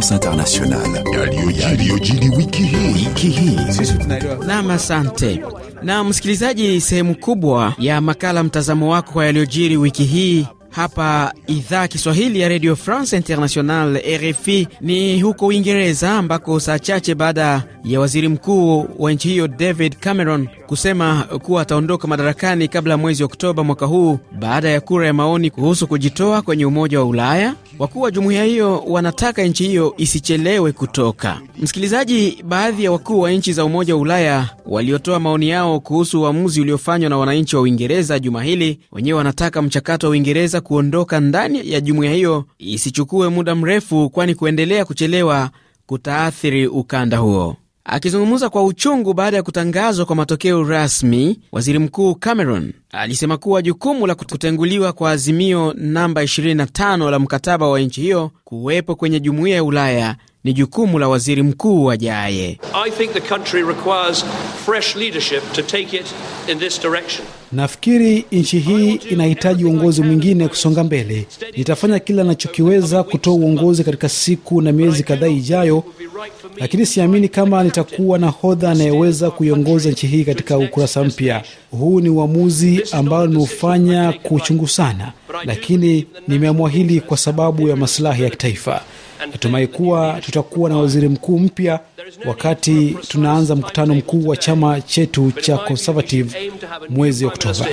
Conférence internationale yaliyojili asante na msikilizaji, sehemu kubwa ya makala mtazamo wako kwa yaliyojiri wiki hii hapa idhaa Kiswahili ya Radio France International RFI ni huko Uingereza, ambako saa chache baada ya waziri mkuu wa nchi hiyo David Cameron kusema kuwa ataondoka madarakani kabla ya mwezi Oktoba mwaka huu baada ya kura ya maoni kuhusu kujitoa kwenye Umoja wa Ulaya, wakuu wa jumuiya hiyo wanataka nchi hiyo isichelewe kutoka. Msikilizaji, baadhi ya wakuu wa nchi za Umoja wa Ulaya waliotoa maoni yao kuhusu uamuzi uliofanywa na wananchi wa Uingereza juma hili, wenyewe wanataka mchakato wa Uingereza kuweza kuondoka ndani ya jumuiya hiyo isichukue muda mrefu, kwani kuendelea kuchelewa kutaathiri ukanda huo. Akizungumza kwa uchungu baada ya kutangazwa kwa matokeo rasmi, waziri mkuu Cameron alisema kuwa jukumu la kutenguliwa kwa azimio namba 25 la mkataba wa nchi hiyo kuwepo kwenye jumuiya ya Ulaya ni jukumu la waziri mkuu ajaye. Nafikiri nchi hii inahitaji uongozi mwingine kusonga mbele. Nitafanya kila ninachokiweza kutoa uongozi katika siku na miezi kadhaa ijayo, lakini siamini kama nitakuwa na hodha anayeweza kuiongoza nchi hii katika ukurasa mpya. Huu ni uamuzi ambao nimeufanya kuchungu sana, lakini nimeamua hili kwa sababu ya masilahi ya kitaifa. Natumai kuwa tutakuwa na waziri mkuu mpya wakati tunaanza mkutano mkuu wa chama chetu cha Conservative mwezi Oktoba.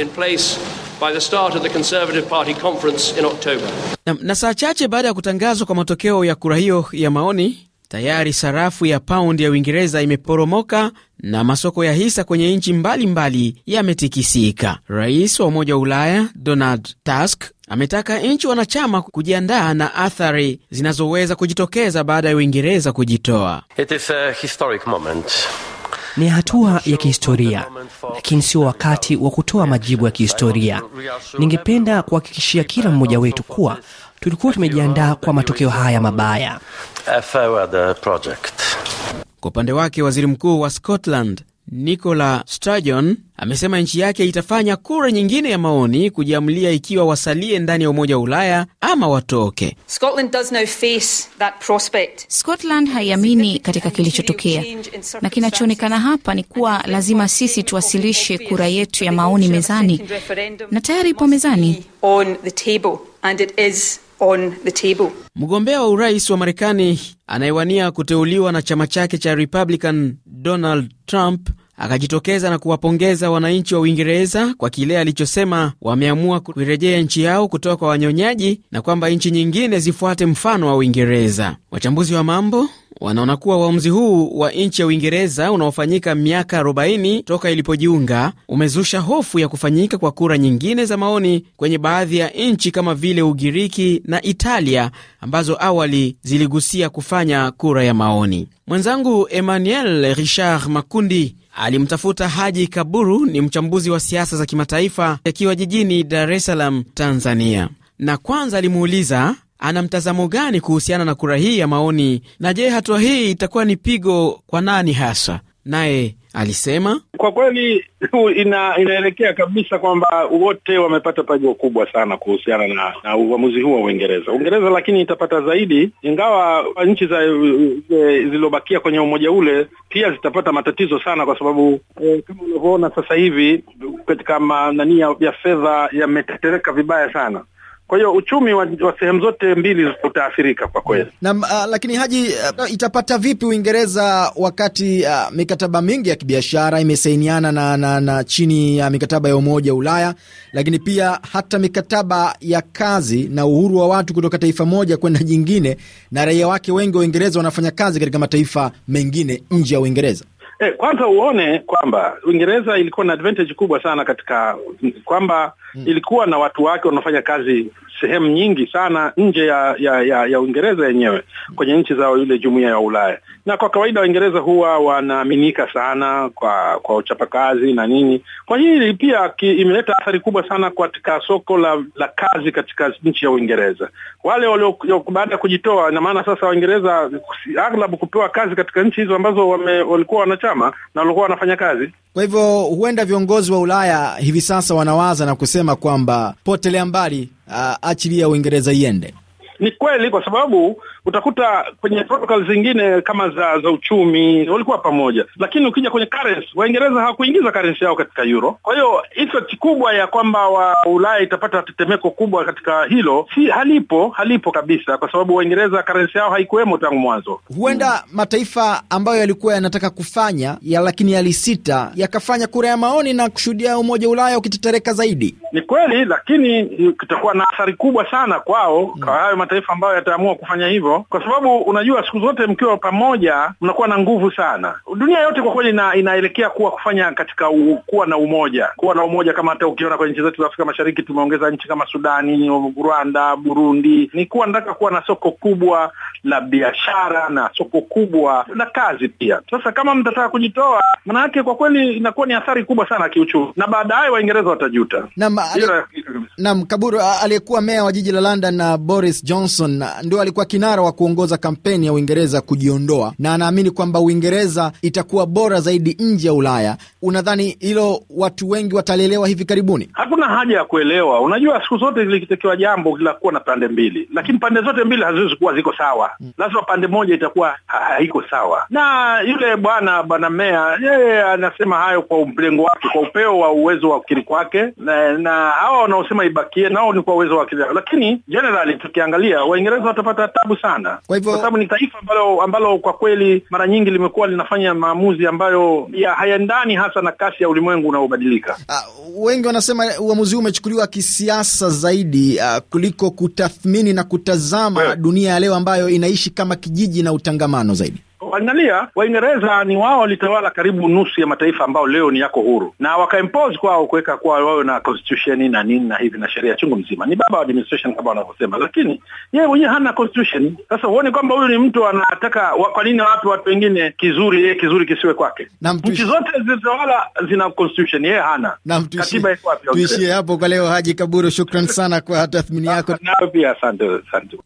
Na, na saa chache baada ya kutangazwa kwa matokeo ya kura hiyo ya maoni Tayari sarafu ya paundi ya Uingereza imeporomoka na masoko ya hisa kwenye nchi mbalimbali yametikisika. Rais wa Umoja wa Ulaya Donald Tusk ametaka nchi wanachama kujiandaa na athari zinazoweza kujitokeza baada ya Uingereza kujitoa. It is a historic moment. Ni hatua ya kihistoria, lakini sio wakati wa kutoa majibu ya kihistoria. Ningependa kuhakikishia kila mmoja wetu kuwa tulikuwa tumejiandaa kwa matokeo haya mabaya. Kwa upande wake, waziri mkuu wa Scotland Nicola Sturgeon amesema nchi yake itafanya kura nyingine ya maoni kujiamulia ikiwa wasalie ndani ya Umoja wa Ulaya ama watoke. Scotland haiamini katika kilichotokea, na kinachoonekana hapa ni kuwa lazima sisi tuwasilishe kura yetu ya maoni mezani, na tayari ipo mezani on the table. Mgombea wa urais wa Marekani anayewania kuteuliwa na chama chake cha Republican Donald Trump akajitokeza na kuwapongeza wananchi wa Uingereza kwa kile alichosema wameamua kuirejea nchi yao kutoka kwa wanyonyaji na kwamba nchi nyingine zifuate mfano wa Uingereza. Wachambuzi wa mambo wanaona kuwa uamuzi huu wa nchi ya Uingereza unaofanyika miaka 40 toka ilipojiunga umezusha hofu ya kufanyika kwa kura nyingine za maoni kwenye baadhi ya nchi kama vile Ugiriki na Italia ambazo awali ziligusia kufanya kura ya maoni. Mwenzangu Emmanuel Richard Makundi alimtafuta Haji Kaburu, ni mchambuzi wa siasa za kimataifa akiwa jijini Dar es Salaam, Tanzania, na kwanza alimuuliza ana mtazamo gani kuhusiana na kura hii ya maoni, na je, hatua hii itakuwa ni pigo kwa nani hasa? Naye Alisema kwa kweli ina, inaelekea kabisa kwamba wote wamepata pajo kubwa sana kuhusiana na, na uamuzi huu wa Uingereza. Uingereza lakini itapata zaidi, ingawa nchi za eh, zilizobakia kwenye umoja ule pia zitapata matatizo sana, kwa sababu e, kama unavyoona sasa hivi katika nani ya fedha yametetereka vibaya sana. Kwa hiyo uchumi wa, wa sehemu zote mbili utaathirika kwa kweli. Mm. Naam, uh, lakini Haji, uh, itapata vipi Uingereza wakati uh, mikataba mingi ya kibiashara imesainiana na, na, na chini ya mikataba ya Umoja wa Ulaya, lakini pia hata mikataba ya kazi na uhuru wa watu kutoka taifa moja kwenda jingine, na raia wake wengi wa Uingereza wanafanya kazi katika mataifa mengine nje ya Uingereza. Eh, kwanza uone kwamba Uingereza ilikuwa na advantage kubwa sana katika kwamba hmm. ilikuwa na watu wake wanaofanya kazi sehemu nyingi sana nje ya ya, ya, ya Uingereza yenyewe hmm. kwenye nchi zao ile jumuiya ya Ulaya na kwa kawaida Waingereza huwa wanaaminika sana kwa kwa uchapakazi na nini. Kwa hili pia imeleta athari kubwa sana katika soko la, la kazi katika nchi ya Uingereza. Wale walio baada ya kujitoa, ina maana sasa Waingereza aglabu kupewa kazi katika nchi hizo ambazo wame, walikuwa wanachama na walikuwa wanafanya kazi. Kwa hivyo huenda viongozi wa Ulaya hivi sasa wanawaza na kusema kwamba potelea mbali, achilia Uingereza iende. Ni kweli kwa sababu utakuta kwenye protocol zingine kama za za uchumi walikuwa pamoja, lakini ukija kwenye currency, Waingereza hawakuingiza currency yao katika euro. Kwa hiyo effect kubwa ya kwamba wa Ulaya itapata tetemeko kubwa katika hilo si halipo, halipo kabisa, kwa sababu Waingereza currency yao haikuwemo tangu mwanzo. Huenda hmm. mataifa ambayo yalikuwa yanataka kufanya ya lakini yalisita yakafanya kura ya maoni na kushuhudia umoja Ulaya ukitetereka zaidi. Ni kweli, lakini kitakuwa na athari kubwa sana kwao, mm. kwa hmm. hayo mataifa ambayo yataamua kufanya hivyo, kwa sababu unajua siku zote mkiwa pamoja mnakuwa na nguvu sana. Dunia yote kwa kweli ina, inaelekea kuwa kufanya katika u, kuwa na umoja, kuwa na umoja, kama hata ukiona kwenye nchi zetu za Afrika Mashariki tumeongeza nchi kama Sudani, Rwanda, Burundi, ni kuwa nataka kuwa na soko kubwa la biashara na soko kubwa la kazi pia. Sasa kama mtataka kujitoa, maana yake kwa kweli inakuwa ni athari kubwa sana kiuchumi, na baadaye Waingereza watajuta. na Naam, Kaburu, aliyekuwa meya wa jiji la London na Boris Johnson ndio alikuwa kinara wa kuongoza kampeni ya Uingereza kujiondoa, na anaamini kwamba Uingereza itakuwa bora zaidi nje ya Ulaya. Unadhani hilo watu wengi watalielewa hivi karibuni? Hakuna haja ya kuelewa. Unajua, siku zote likitekewa jambo linakuwa na pande mbili, lakini pande zote mbili haziwezi kuwa ziko sawa. Mm. Lazima pande moja itakuwa haiko sawa, na yule bwana bwana meya yeye anasema hayo kwa mlengo wake, kwa upeo wa uwezo wa fikiri kwake na, na unaosema ibakie nao ni kwa uwezo wa kivyao, lakini generali, tukiangalia Waingereza watapata tabu sana, kwa hivyo kwa sababu ni taifa ambalo, ambalo kwa kweli mara nyingi limekuwa linafanya maamuzi ambayo hayaendani hasa na kasi ya ulimwengu unaobadilika. Uh, wengi wanasema uamuzi huu umechukuliwa kisiasa zaidi uh, kuliko kutathmini na kutazama yeah, dunia ya leo ambayo inaishi kama kijiji na utangamano zaidi. Angalia, Waingereza ni wao walitawala karibu nusu ya mataifa ambayo leo ni yako huru, na wakaimpose kwao kuweka kuwa wawe na constitution na nini na hivi na sheria chungu mzima. Ni baba wa administration kama wanavyosema, lakini yeye mwenyewe hana constitution. Sasa huone kwamba huyu ni mtu anataka, wa, kwa nini wapi watu wengine kizuri, yeye kizuri kisiwe kwake? Nchi zote zilizotawala zina constitution, yeye hana katiba. Iko wapi? Tuishie hapo kwa leo. Haji Kaburu, shukran sana kwa tathmini yako. Nawe pia asante, asante.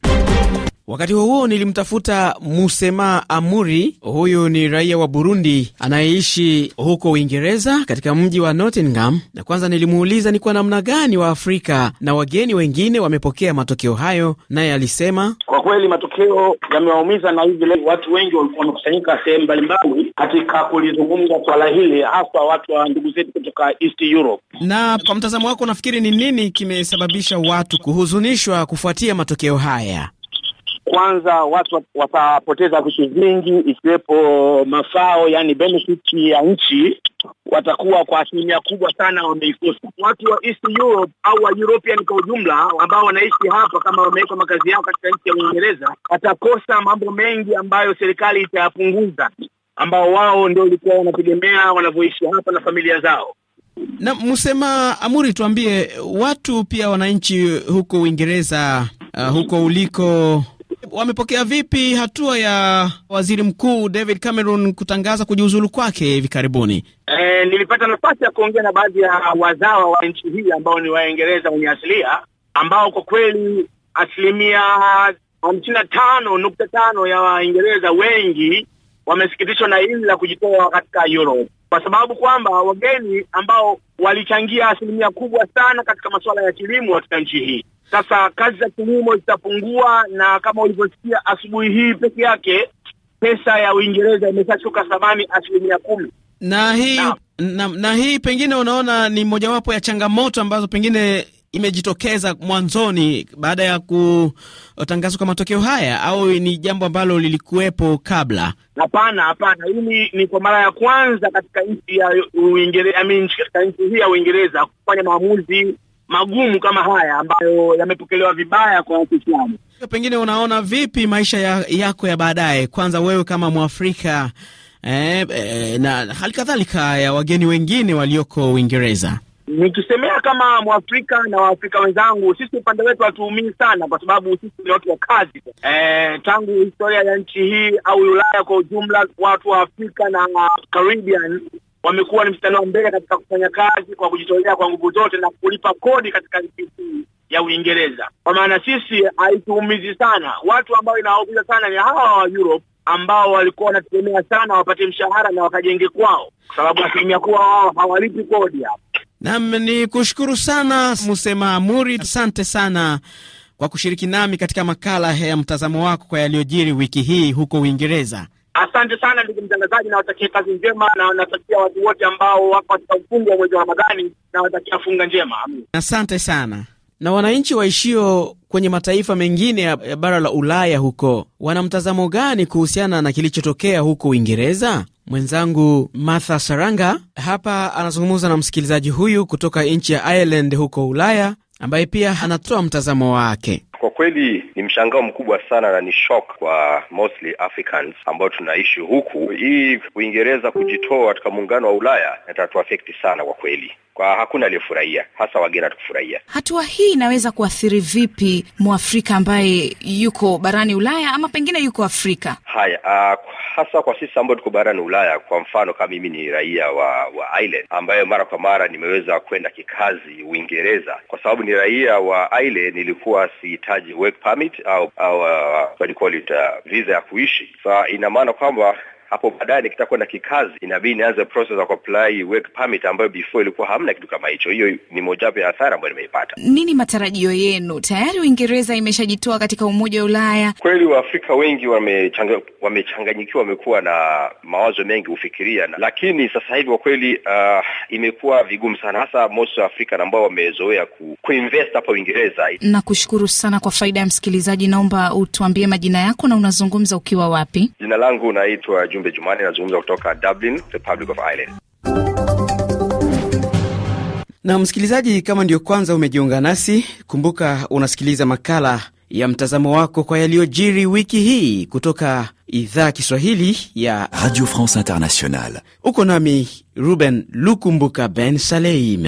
Wakati huo nilimtafuta Musema Amuri, huyu ni raia wa Burundi anayeishi huko Uingereza katika mji wa Nottingham, na kwanza nilimuuliza ni kwa namna gani wa Afrika na wageni wengine wamepokea matokeo hayo, naye alisema kwa kweli matokeo yamewaumiza, na hivi leo watu wengi walikuwa wamekusanyika sehemu mbalimbali katika kulizungumza swala hili, hasa watu wa ndugu zetu kutoka East Europe. Na kwa mtazamo wako, nafikiri ni nini kimesababisha watu kuhuzunishwa kufuatia matokeo haya? kwanza watu watapoteza vitu vingi ikiwepo mafao, yani benefit ya nchi watakuwa kwa asilimia kubwa sana wameikosa. Watu wa East Europe au wa European kwa ujumla ambao wanaishi hapa, kama wameweka makazi yao katika nchi ya Uingereza, watakosa mambo mengi ambayo serikali itayapunguza, ambao wao ndio walikuwa wanategemea wanavyoishi hapa na familia zao. Na msema Amuri, tuambie watu pia wananchi huko Uingereza, uh, huko uliko Wamepokea vipi hatua ya waziri mkuu David Cameron kutangaza kujiuzulu kwake hivi karibuni? E, nilipata nafasi ya kuongea na baadhi ya wazawa wa nchi hii ambao ni Waingereza wenye asilia ambao kwa kweli asilimia hamsini na tano nukta tano ya Waingereza wengi wamesikitishwa na hili la kujitoa katika Europe kwa sababu kwamba wageni ambao walichangia asilimia kubwa sana katika masuala ya kilimo katika nchi hii sasa kazi za kilimo zitapungua, na kama ulivyosikia asubuhi hii peke yake pesa ya Uingereza imeshashuka thamani asilimia kumi na hii na, na, na hii pengine unaona ni mojawapo ya changamoto ambazo pengine imejitokeza mwanzoni baada ya kutangazwa kwa matokeo haya, au ni jambo ambalo lilikuwepo kabla? Hapana, hapana, hii ni kwa mara ya kwanza katika nchi ya Uingereza, I mean, katika nchi hii ya Uingereza kufanya maamuzi magumu kama haya ambayo yamepokelewa vibaya kwa watu fulani. Pengine unaona vipi maisha ya, yako ya baadaye, kwanza wewe kama Mwafrika eh, eh, na hali kadhalika ya wageni wengine walioko Uingereza? nikisemea kama Mwafrika na Waafrika wenzangu, sisi upande wetu hatuumii sana, kwa sababu sisi ni watu wa kazi. E, tangu historia ya nchi hii au Ulaya kwa ujumla, watu wa Afrika na Caribbean wamekuwa ni mstani wa mbele katika kufanya kazi kwa kujitolea kwa nguvu zote na kulipa kodi katika nchi hii ya Uingereza. Kwa maana sisi haituumizi sana. Watu ambao inawaumiza sana ni hawa wa Europe ambao walikuwa wanategemea sana wapate mshahara na wakajenge kwao, kwa sababu asilimia kuwa wao hawalipi kodi hapa Nam, ni kushukuru sana Musema Amuri, asante sana kwa kushiriki nami katika makala ya mtazamo wako kwa yaliyojiri wiki hii huko Uingereza. Asante sana ndugu mtangazaji, nawatakia kazi njema na natakia watu wote ambao wako katika ufungu wa mwezi wa Ramadhani, nawatakia funga njema. Asante sana. Na wananchi waishio kwenye mataifa mengine ya bara la Ulaya huko wana mtazamo gani kuhusiana na kilichotokea huko Uingereza? Mwenzangu Martha Saranga hapa anazungumza na msikilizaji huyu kutoka nchi ya Ireland huko Ulaya, ambaye pia anatoa mtazamo wake. Kwa kweli ni mshangao mkubwa sana na ni shock kwa mostly Africans ambao tunaishi huku. Hii Uingereza kujitoa katika muungano wa Ulaya itatuafekti sana kwa kweli kwa hakuna aliyefurahia, hasa wageni hatukufurahia. Hatua hii inaweza kuathiri vipi mwafrika ambaye yuko barani Ulaya ama pengine yuko Afrika? Haya, uh, hasa kwa sisi ambao tuko barani Ulaya, kwa mfano kama mimi ni raia wa wa Ireland ambayo mara kwa mara nimeweza kwenda kikazi Uingereza. Kwa sababu ni raia wa Ireland, nilikuwa sihitaji work permit au au uh, visa ya kuishi. so, ina maana kwamba hapo baadaye nikitakwenda kikazi inabidi nianze process ya kuapply work permit ambayo before ilikuwa hamna kitu kama hicho. Hiyo ni mojawapo ya athari ambayo nimeipata. Nini matarajio yenu? Tayari Uingereza imeshajitoa katika Umoja wa Ulaya. Kweli Waafrika wengi wamechanganyikiwa, wame wamekuwa na mawazo mengi hufikiria, lakini sasa hivi kwa kweli uh, imekuwa vigumu sana, hasa most wa Afrika ambao wamezoea ku, kuinvest hapa Uingereza. Nakushukuru sana. Kwa faida ya msikilizaji, naomba utuambie majina yako na unazungumza ukiwa wapi? Jina langu naitwa Jumbe Jumani anazungumza kutoka Dublin, Republic of Ireland. Na msikilizaji, kama ndiyo kwanza umejiunga nasi, kumbuka unasikiliza makala ya mtazamo wako kwa yaliyojiri wiki hii kutoka idhaa Kiswahili ya Radio France Internationale. Uko nami Ruben Lukumbuka Ben Saleim.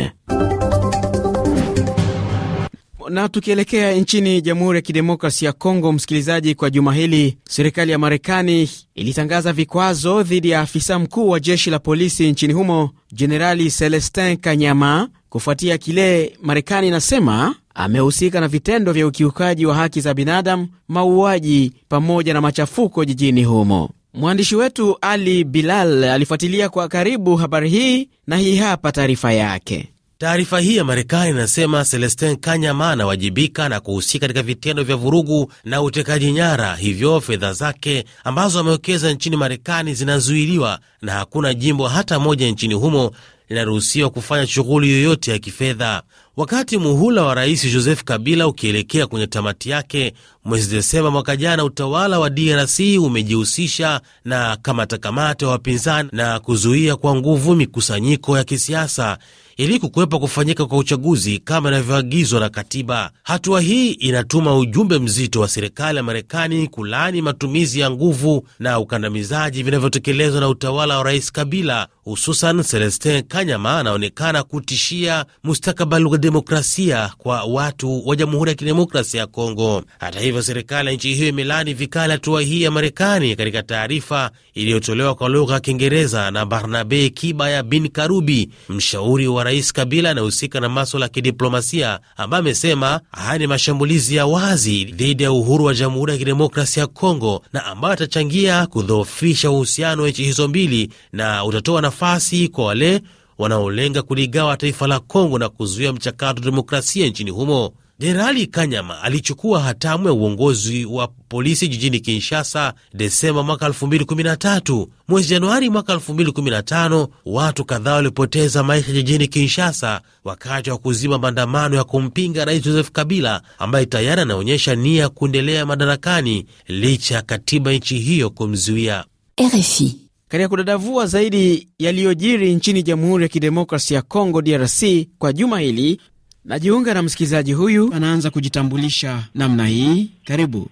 Na tukielekea nchini Jamhuri ya Kidemokrasi ya Kongo, msikilizaji, kwa juma hili serikali ya Marekani ilitangaza vikwazo dhidi ya afisa mkuu wa jeshi la polisi nchini humo Jenerali Celestin Kanyama kufuatia kile Marekani inasema amehusika na vitendo vya ukiukaji wa haki za binadamu, mauaji pamoja na machafuko jijini humo. Mwandishi wetu Ali Bilal alifuatilia kwa karibu habari hii na hii hapa taarifa yake. Taarifa hii ya Marekani inasema Celestin Kanyama anawajibika na kuhusika katika vitendo vya vurugu na utekaji nyara, hivyo fedha zake ambazo amewekeza nchini Marekani zinazuiliwa na hakuna jimbo hata moja nchini humo linaruhusiwa kufanya shughuli yoyote ya kifedha. Wakati muhula wa Rais Joseph Kabila ukielekea kwenye tamati yake mwezi Desemba mwaka jana, utawala wa DRC umejihusisha na kamatakamata wa wapinzani na kuzuia kwa nguvu mikusanyiko ya kisiasa ili kukwepa kufanyika kwa uchaguzi kama inavyoagizwa na katiba. Hatua hii inatuma ujumbe mzito wa serikali ya Marekani kulaani matumizi ya nguvu na ukandamizaji vinavyotekelezwa na utawala wa Rais Kabila hususan Celestin Kanyama anaonekana kutishia mustakabali wa demokrasia kwa watu wa Jamhuri ya Kidemokrasia ya Kongo. Hata hivyo, serikali ya nchi hiyo imelani vikali hatua hii ya Marekani katika taarifa iliyotolewa kwa lugha ya Kiingereza na Barnabe Kibaya bin Karubi, mshauri wa Rais Kabila anayehusika na, na maswala ya kidiplomasia, ambaye amesema haya ni mashambulizi ya wazi dhidi ya uhuru wa Jamhuri ya Kidemokrasia ya Kongo na ambayo atachangia kudhoofisha uhusiano wa nchi hizo mbili na utatoa nafasi kwa wale wanaolenga kuligawa taifa la Kongo na kuzuia mchakato wa demokrasia nchini humo. Jenerali Kanyama alichukua hatamu ya uongozi wa polisi jijini Kinshasa Desemba mwaka 2013. Mwezi Januari mwaka 2015, watu kadhaa walipoteza maisha jijini Kinshasa wakati wa kuzima maandamano ya kumpinga Rais Joseph Kabila ambaye tayari anaonyesha nia ya kuendelea madarakani licha ya katiba nchi hiyo kumzuia. RFI katika kudadavua zaidi yaliyojiri nchini Jamhuri ya Kidemokrasi ya congo DRC, kwa juma hili. Najiunga na msikilizaji huyu, anaanza kujitambulisha namna hii. Karibu.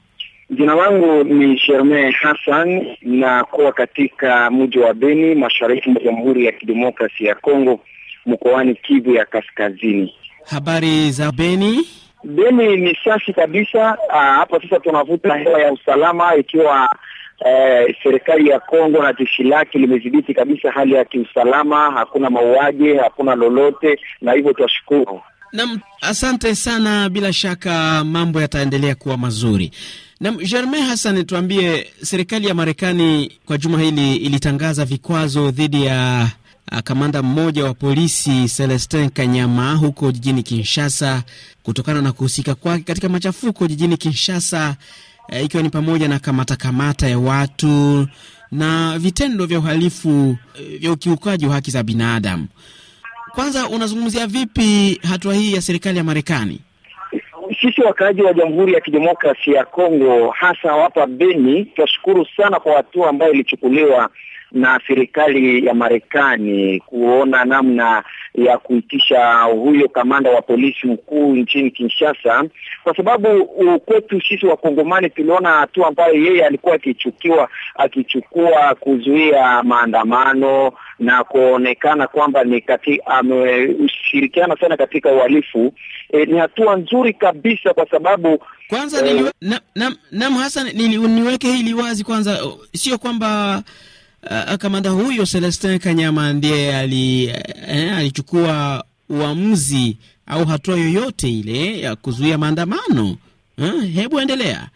Jina langu ni Sherme Hassan na kuwa katika mji wa Beni, mashariki mwa Jamhuri ya Kidemokrasi ya congo mkoani Kivu ya Kaskazini. Habari za Beni? Beni ni safi kabisa. Ah, hapa sasa tunavuta hewa ya usalama, ikiwa eh, serikali ya Kongo na jeshi lake limedhibiti kabisa hali ya kiusalama, hakuna mauaji, hakuna lolote, na hivyo twashukuru. Naam, asante sana. Bila shaka mambo yataendelea kuwa mazuri. Naam, Germain Hassan, tuambie, serikali ya Marekani kwa juma hili ilitangaza vikwazo dhidi ya ah, kamanda mmoja wa polisi Celestin Kanyama huko jijini Kinshasa kutokana na kuhusika kwake katika machafuko jijini Kinshasa e, ikiwa ni pamoja na kamata kamata ya watu na vitendo vya uhalifu e, vya ukiukaji wa haki za binadamu. Kwanza, unazungumzia vipi hatua hii ya serikali ya Marekani? Sisi wakaaji wa Jamhuri ya kidemokrasi ya Kongo, hasa hapa Beni, tunashukuru sana kwa hatua ambayo ilichukuliwa na serikali ya Marekani kuona namna ya kuitisha huyo kamanda wa polisi mkuu nchini Kinshasa, kwa sababu kwetu sisi Wakongomani tuliona hatua ambayo yeye alikuwa akichukiwa akichukua kuzuia maandamano na kuonekana kwamba ni kati ameshirikiana sana katika uhalifu. E, ni hatua nzuri kabisa kwa sababu kwanza, eh, nili, e, na, na, na, Hassan nili, niweke hili wazi kwanza, sio kwamba Uh, eh, kamanda huyo Celestin Kanyama ndiye ali, eh, eh, alichukua uamuzi au hatua yoyote ile ya kuzuia maandamano eh, hebu endelea.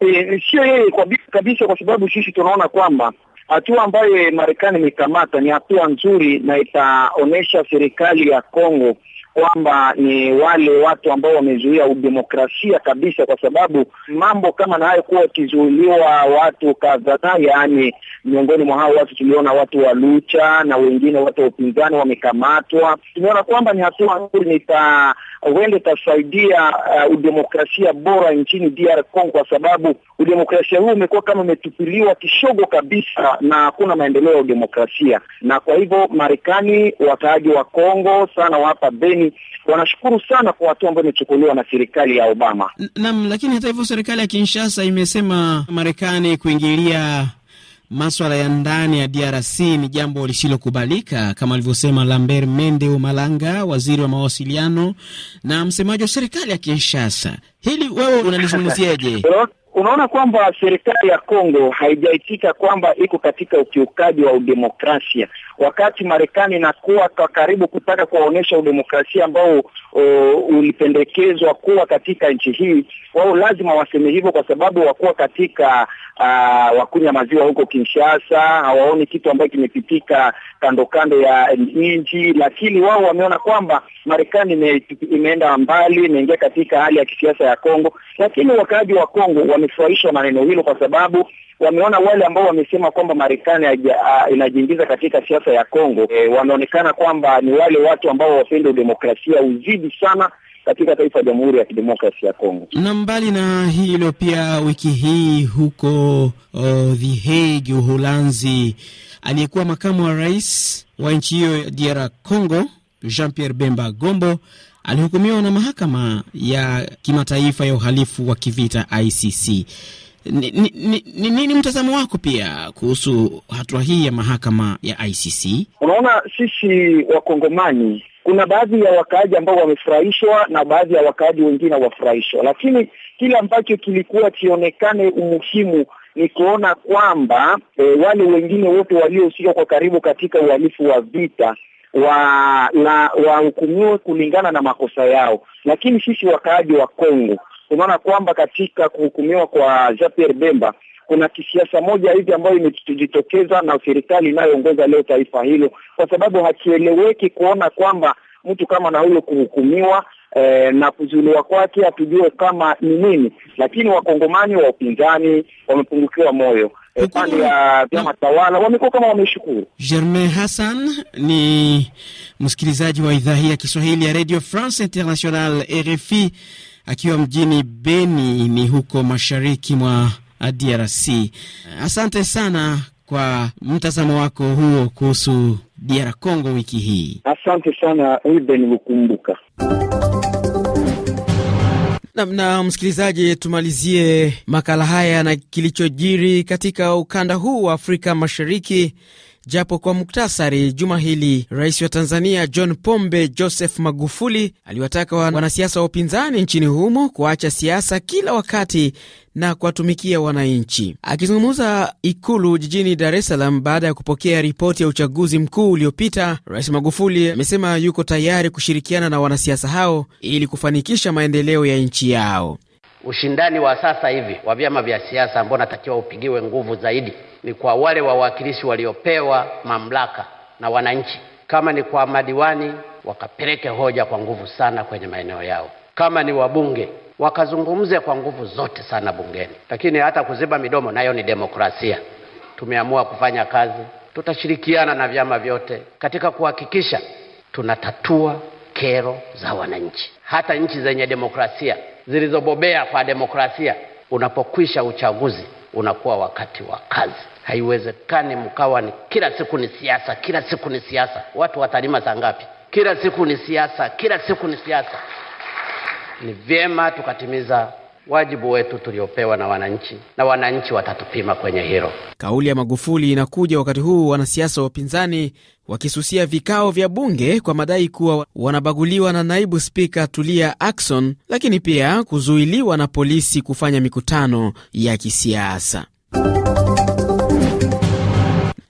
E, sio yeye kabisa, kwa sababu sisi tunaona kwamba hatua ambayo Marekani imekamata ni hatua nzuri na itaonyesha serikali ya Kongo kwamba ni wale watu ambao wamezuia udemokrasia kabisa, kwa sababu mambo kama na hayo kuwa wakizuiliwa watu kadhaa, yaani miongoni mwa hao watu tuliona watu wa Lucha na wengine watu wa upinzani wamekamatwa. Tumeona kwamba ni hatua nzuri, nita huenda itasaidia uh, udemokrasia bora nchini DR Congo, kwa sababu udemokrasia huu umekuwa kama umetupiliwa kishogo kabisa na hakuna maendeleo ya udemokrasia, na kwa hivyo Marekani, wakaaji wa congo sana hapa Beni lakini wanashukuru sana kwa hatua ambayo imechukuliwa na serikali ya Obama. Naam, lakini hata hivyo serikali ya Kinshasa imesema Marekani kuingilia maswala ya ndani ya DRC ni jambo lisilokubalika, kama alivyosema Lambert Mende Omalanga, waziri wa mawasiliano na msemaji wa serikali ya Kinshasa. Hili wewe unalizungumziaje? Unaona kwamba serikali ya Kongo haijaitika kwamba iko katika ukiukaji wa udemokrasia, wakati Marekani inakuwa kwa karibu kutaka kuwaonyesha udemokrasia ambao uh, ulipendekezwa kuwa katika nchi hii. Wao lazima waseme hivyo, kwa sababu wakuwa katika uh, wakunya maziwa huko Kinshasa, hawaoni kitu ambacho kimepitika kando kando ya nchi, lakini wao wameona kwamba Marekani imeenda mbali, imeingia katika hali ya kisiasa ya Kongo, lakini wakaaji wa Kongo wamefurahishwa na neno hilo, kwa sababu wameona wale ambao wamesema kwamba Marekani inajiingiza katika siasa ya Kongo e, wanaonekana kwamba ni wale watu ambao wapende udemokrasia uzidi sana katika taifa la Jamhuri ya Kidemokrasia ya Kongo. Na mbali na hilo, pia wiki hii huko uh, The Hague, Uholanzi, aliyekuwa makamu wa rais wa nchi hiyo DR Congo Jean Pierre Bemba Gombo alihukumiwa na mahakama ya kimataifa ya uhalifu wa kivita ICC. Nini ni, ni, ni, ni mtazamo wako pia kuhusu hatua hii ya mahakama ya ICC? Unaona, sisi wakongomani kuna baadhi ya wakaaji ambao wamefurahishwa na baadhi ya wakaaji wengine hawafurahishwa, lakini kile ambacho kilikuwa kionekane umuhimu ni kuona kwamba e, wale wengine wote waliohusika kwa karibu katika uhalifu wa vita wa, na wahukumiwe kulingana na makosa yao. Lakini sisi wakaaji wa Kongo tunaona kwamba katika kuhukumiwa kwa Jean Pierre Bemba kuna kisiasa moja hivi ambayo imejitokeza na serikali inayoongoza leo taifa hilo, kwa sababu hakieleweki kuona kwamba mtu kama na huyo kuhukumiwa eh, na kuzuliwa kwake hatujue kama ni nini, lakini wakongomani wa upinzani wamepungukiwa moyo. Eh, upande wa vyama tawala wamekuwa kama wameshukuru. Germain Hassan ni msikilizaji wa idhaa hii ya Kiswahili ya Radio France International RFI, akiwa mjini Beni ni huko mashariki mwa DRC. Asante sana kwa mtazamo wako huo kuhusu DR Congo wiki hii. Asante sana Ruben Lukumbuka. Na, na msikilizaji, tumalizie makala haya na kilichojiri katika ukanda huu wa Afrika Mashariki japo kwa muktasari. Juma hili rais wa Tanzania John Pombe Joseph Magufuli aliwataka wanasiasa wa upinzani nchini humo kuacha siasa kila wakati na kuwatumikia wananchi. Akizungumza Ikulu jijini Dar es Salaam baada ya kupokea ripoti ya uchaguzi mkuu uliopita, Rais Magufuli amesema yuko tayari kushirikiana na wanasiasa hao ili kufanikisha maendeleo ya nchi yao. Ushindani wa sasa hivi wa vyama vya siasa ambao natakiwa upigiwe nguvu zaidi ni kwa wale wawakilishi waliopewa mamlaka na wananchi. Kama ni kwa madiwani, wakapeleke hoja kwa nguvu sana kwenye maeneo yao. Kama ni wabunge, wakazungumze kwa nguvu zote sana bungeni. Lakini hata kuziba midomo nayo ni demokrasia. Tumeamua kufanya kazi, tutashirikiana na vyama vyote katika kuhakikisha tunatatua kero za wananchi. Hata nchi zenye demokrasia zilizobobea kwa demokrasia, unapokwisha uchaguzi unakuwa wakati wa kazi. Haiwezekani mkawa ni kila siku ni siasa, kila siku ni siasa. Watu watalima saa ngapi? Kila siku ni siasa, kila siku ni siasa. Ni vyema tukatimiza wajibu wetu tuliopewa na wananchi, na wananchi watatupima kwenye hilo. Kauli ya Magufuli inakuja wakati huu wanasiasa wa upinzani wakisusia vikao vya bunge kwa madai kuwa wanabaguliwa na naibu spika Tulia Ackson, lakini pia kuzuiliwa na polisi kufanya mikutano ya kisiasa.